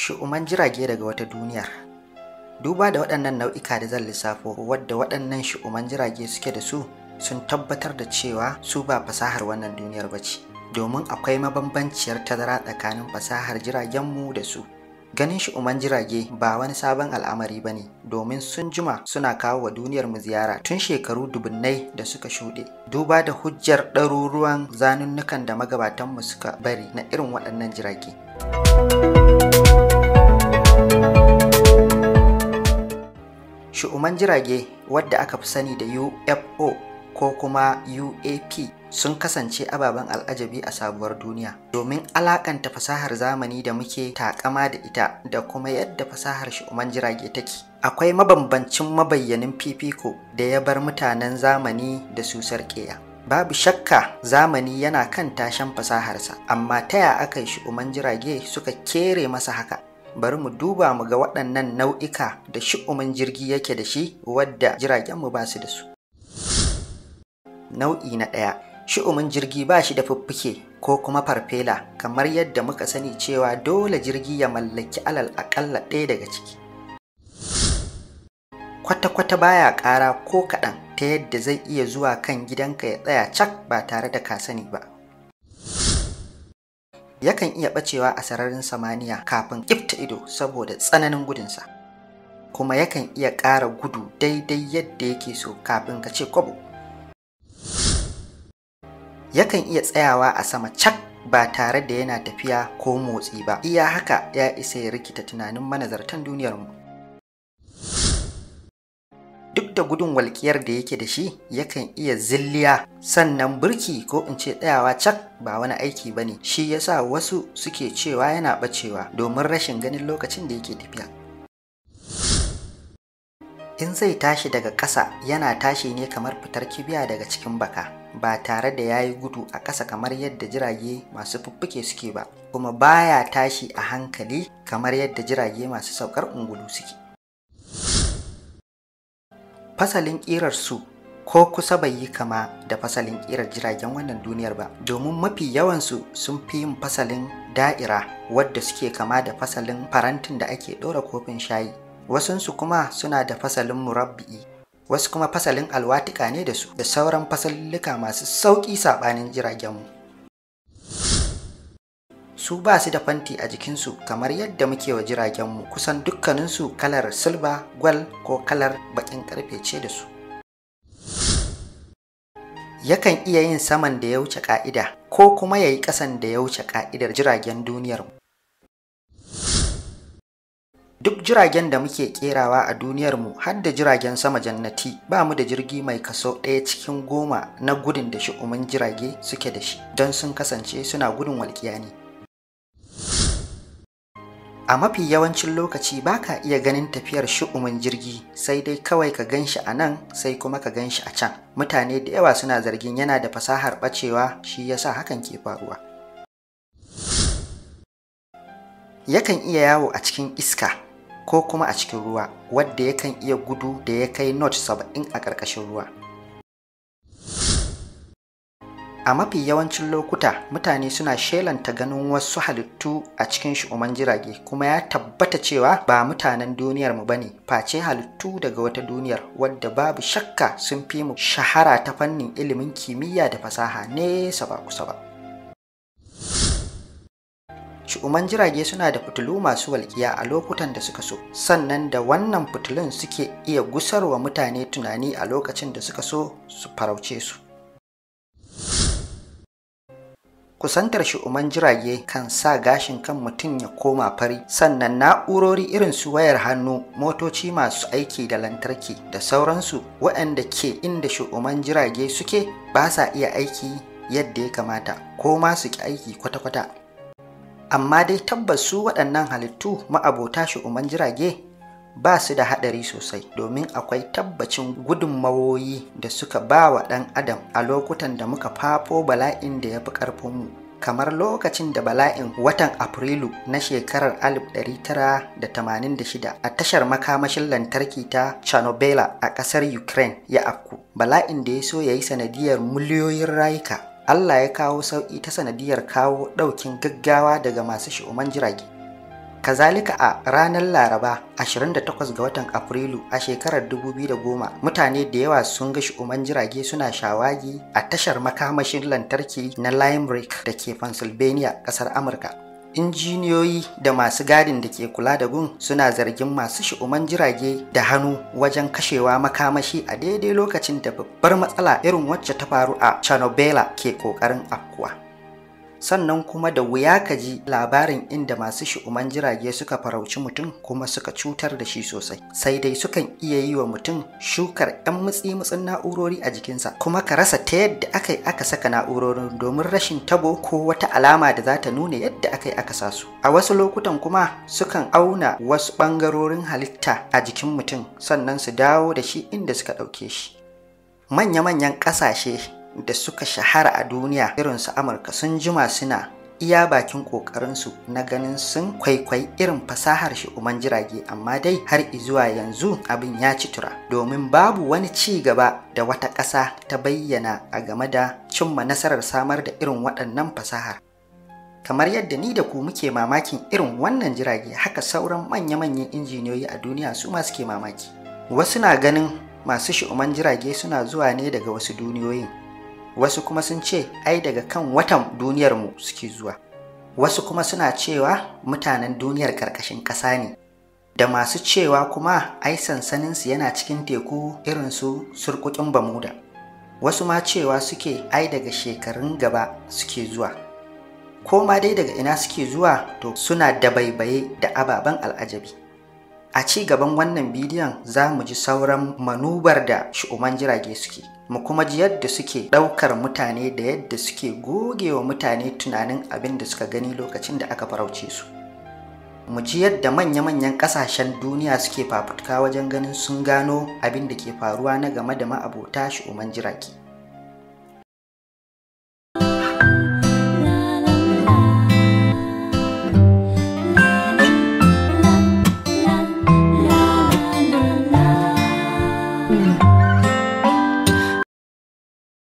shi'uman jirage daga wata duniyar duba da waɗannan nau'ika da zan lissafo wadda waɗannan shi'uman jirage suke da su sun tabbatar da cewa su ba fasahar wannan duniyar ba ce domin akwai mabambanciyar tazara tsakanin fasahar jiragenmu da su ganin shi'uman jirage ba wani sabon al'amari ba ne domin sun juma suna kawo wa duniyar mu ziyara tun shekaru dubunnai da suka shuɗe duba da hujjar ɗaruruwan zanunnukan da magabatanmu suka bari na irin waɗannan jirage. Shu'uman jirage wadda aka fi sani da UFO ko kuma UAP sun kasance ababen al'ajabi a sabuwar duniya domin alakanta fasahar zamani da muke takama da ita da kuma yadda fasahar shu'uman jirage take akwai mabambancin mabayyanin fifiko da ya bar mutanen zamani da su sarƙeya babu shakka zamani yana kan tashen fasaharsa amma taya aka yi shu'uman jirage suka kere masa haka bari mu duba mu ga waɗannan nau'ika da shi'umin jirgi yake da shi wadda jiragenmu ba su da su. Nau'i na ɗaya shi'umin jirgi ba shi da fuffuke ko kuma farfela kamar yadda muka sani cewa dole jirgi ya mallaki alal aƙalla ɗaya daga ciki. Kwata-kwata baya ƙara ko kaɗan ta yadda zai iya zuwa kan gidanka ya tsaya cak ba tare da ka sani ba. yakan iya bacewa a sararin samaniya kafin kifta ido saboda tsananin gudunsa kuma yakan iya ƙara gudu daidai yadda yake so kafin ka ce kwabo yakan iya tsayawa a sama cak ba tare da yana tafiya ko motsi ba iya haka ya isa ya rikita tunanin manazartan duniyarmu duk da gudun walƙiyar da yake da shi yakan iya zilliya sannan burki ko in ce tsayawa cak ba wani aiki ba ne shi sa wasu suke cewa yana ɓacewa domin rashin ganin lokacin da yake tafiya in zai tashi daga ƙasa yana tashi ne kamar fitar kibiya daga cikin baka ba tare da ya yi gudu a ƙasa kamar yadda jirage masu fuffuke suke ba kuma baya tashi a hankali kamar yadda jirage masu saukar ungulu suke fasalin ƙirar su ko kusa bai yi kama da fasalin ƙirar jiragen wannan duniyar ba domin mafi yawansu sun fi yin fasalin da'ira wadda suke kama da fasalin farantin da ake ɗora kofin shayi wasunsu kuma suna da fasalin murabbi'i wasu kuma fasalin alwatika ne da su da sauran fasalluka masu sauƙi saɓanin jiragenmu su ba su da fanti a jikinsu kamar yadda muke wa jiragenmu kusan dukkaninsu kalar silba gwal ko kalar bakin karfe ce da su yakan iya yin saman da ya wuce ka'ida ko kuma ya yi ƙasan da ya wuce ka'idar jiragen duniyar duk jiragen da muke kerawa a duniyarmu har da jiragen sama jannati ba mu da jirgi mai kaso ɗaya cikin goma na gudun da shi'umin jirage suke da shi don sun kasance suna gudun walƙiya ne a mafi yawancin lokaci ba ka iya ganin tafiyar shu'umin jirgi sai dai kawai ka gan shi a nan sai kuma ka gan shi a can mutane da yawa suna zargin yana da fasahar bacewa shi ya sa hakan ke faruwa yakan iya yawo a cikin iska ko kuma a cikin ruwa wadda yakan iya gudu da ya kai not saba'in a ƙarƙashin ruwa a mafi yawancin lokuta mutane suna shelanta ganin wasu halittu a cikin shi'uman jirage kuma ya tabbata cewa ba mutanen duniyar mu bane face halittu daga wata duniyar wadda babu shakka sun fi mu shahara ta fannin ilimin kimiyya da fasaha nesa ba kusa ba shi'uman jirage suna da fitilu masu walƙiya a lokutan da suka so sannan da wannan fitilun suke iya gusarwa mutane tunani a lokacin da suka so su farauce su kusantar shi uman jirage kan sa gashin kan mutum ya koma fari sannan na'urori irin su wayar hannu motoci masu aiki da lantarki da sauransu waɗanda ke inda shu'uman jirage suke ba sa iya aiki yadda ya kamata ko ma su ki aiki kwata-kwata amma dai tabbas su waɗannan halittu ma'abota shu'uman jirage ba su da haɗari sosai domin akwai tabbacin gudunmawoyi da suka ba wa ɗan adam a lokutan da muka fafo bala'in da ya fi ƙarfinmu kamar lokacin da bala'in watan afrilu na shekarar 1986 a tashar makamashin lantarki ta chanobela a ƙasar ukraine ya afku bala'in da ya so ya yi sanadiyar miliyoyin rayuka allah ya kawo sauƙi ta sanadiyar kawo ɗaukin gaggawa daga masu shi'uman jirage Kazalika a ranar Laraba 28 ga watan Afrilu a shekarar 2010 mutane da yawa sun ga shi'uman jirage suna shawagi a tashar makamashin lantarki na Limerick da ke Pennsylvania kasar Amurka. Injiniyoyi da masu gadin da ke kula da gun suna zargin masu shi'uman jirage da hannu wajen kashewa makamashi a daidai lokacin da babbar matsala irin wacce ta faru a Chernobyl ke kokarin afkuwa. sannan kuma da wuya ka ji labarin inda masu shi'uman jirage suka farauci mutum kuma suka cutar da shi sosai sai dai sukan iya yi wa mutum shukar 'yan mutsi-mutsin na'urori a jikinsa kuma ka rasa ta yadda aka yi aka saka na'urorin domin rashin tabo ko wata alama da za ta nuna yadda aka yi aka sasu, a wasu lokutan kuma sukan auna wasu ɓangarorin halitta a jikin mutum sannan su dawo da shi inda suka ɗauke shi manya-manyan ƙasashe da suka shahara a duniya irinsu amurka sun jima suna iya bakin ƙoƙarinsu na ganin sun kwaikwai irin fasahar shi uman jirage amma dai har izuwa yanzu abin ya ci tura domin babu wani ci gaba da wata ƙasa ta bayyana a game da cimma nasarar samar da irin waɗannan fasahar kamar yadda ni da ku muke mamakin irin wannan jirage haka sauran manya-manyan injiniyoyi a duniya su ma suke mamaki wasu na ganin masu shi'uman jirage suna zuwa ne daga wasu duniyoyin wasu kuma sun ce ai daga kan watan duniyar mu suke zuwa wasu kuma suna cewa mutanen duniyar karkashin ƙasa ne da masu cewa kuma ai sansaninsu yana cikin teku irin su surkukin bamuda wasu ma cewa suke ai daga shekarun gaba suke zuwa ko ma dai daga ina suke zuwa to suna dabaibaye da ababen al'ajabi A ci gaban wannan bidiyon za mu ji sauran manubar da shi'uman jirage suke, mu kuma ji yadda suke ɗaukar mutane da yadda suke gogewa mutane tunanin abin da suka gani lokacin da aka farauce su. Mu ji yadda manya-manyan ƙasashen duniya suke fafutuka wajen ganin sun gano abin da ke faruwa na game da ma'abota shi'uman jirage.